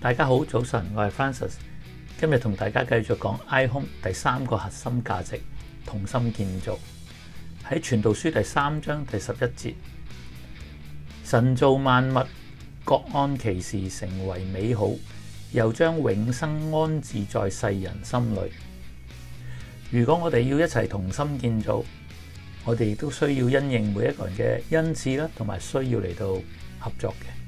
大家好，早晨，我係 Francis，今日同大家繼續講 iHome 第三個核心價值同心建造。喺《傳道書》第三章第十一節，神造萬物，各安其時，成為美好，又將永生安置在世人心裏。如果我哋要一齊同心建造，我哋亦都需要因應每一個人嘅恩賜啦，同埋需要嚟到合作嘅。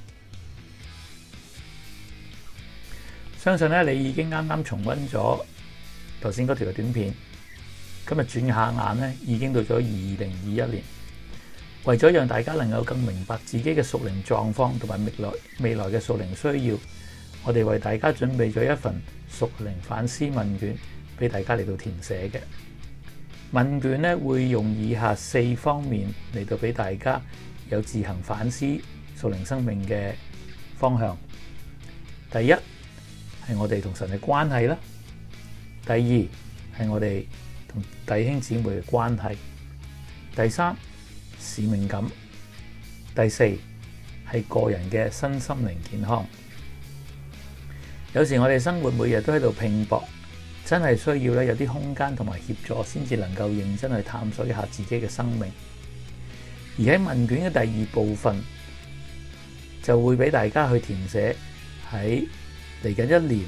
相信咧，你已經啱啱重温咗頭先嗰條短片。今日轉下眼咧，已經到咗二零二一年。為咗讓大家能夠更明白自己嘅熟齡狀況同埋未來未來嘅熟齡需要，我哋為大家準備咗一份熟齡反思問卷俾大家嚟到填寫嘅問卷咧，會用以下四方面嚟到俾大家有自行反思熟齡生命嘅方向。第一，係我哋同神嘅關係啦，第二，係我哋同弟兄姊妹嘅關係，第三，使命感，第四，係個人嘅身心靈健康。有時我哋生活每日都喺度拼搏，真係需要咧有啲空間同埋協助，先至能夠認真去探索一下自己嘅生命。而喺問卷嘅第二部分，就會俾大家去填寫喺。嚟緊一年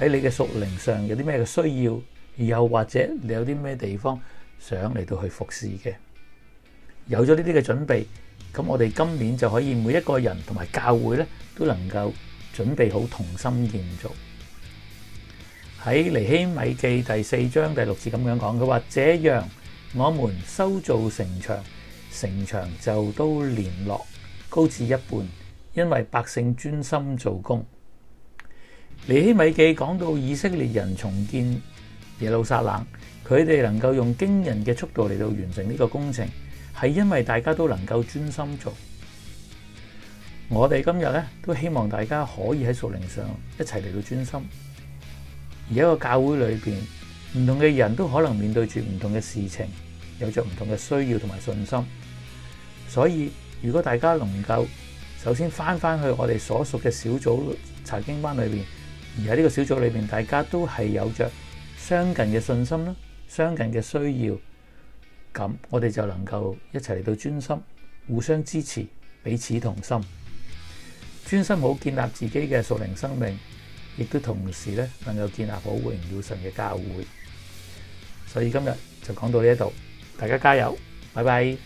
喺你嘅屬靈上有啲咩嘅需要，又或者你有啲咩地方想嚟到去服侍嘅？有咗呢啲嘅準備，咁我哋今年就可以每一個人同埋教會咧，都能夠準備好同心建造。喺尼希米記第四章第六節咁樣講，佢話：這樣我們修造城牆，城牆就都連絡，高至一半，因為百姓專心做工。尼希米記講到以色列人重建耶路撒冷，佢哋能夠用驚人嘅速度嚟到完成呢個工程，係因為大家都能夠專心做。我哋今日呢都希望大家可以喺屬靈上一齊嚟到專心。而在一個教會裏邊，唔同嘅人都可能面對住唔同嘅事情，有着唔同嘅需要同埋信心。所以如果大家能夠首先返返去我哋所屬嘅小組查經班裏邊。而喺呢個小組裏面，大家都係有着相近嘅信心啦，相近嘅需要，咁我哋就能夠一齊嚟到專心，互相支持，彼此同心，專心好建立自己嘅屬靈生命，亦都同時咧能夠建立好榮耀神嘅教會。所以今日就講到呢一度，大家加油，拜拜。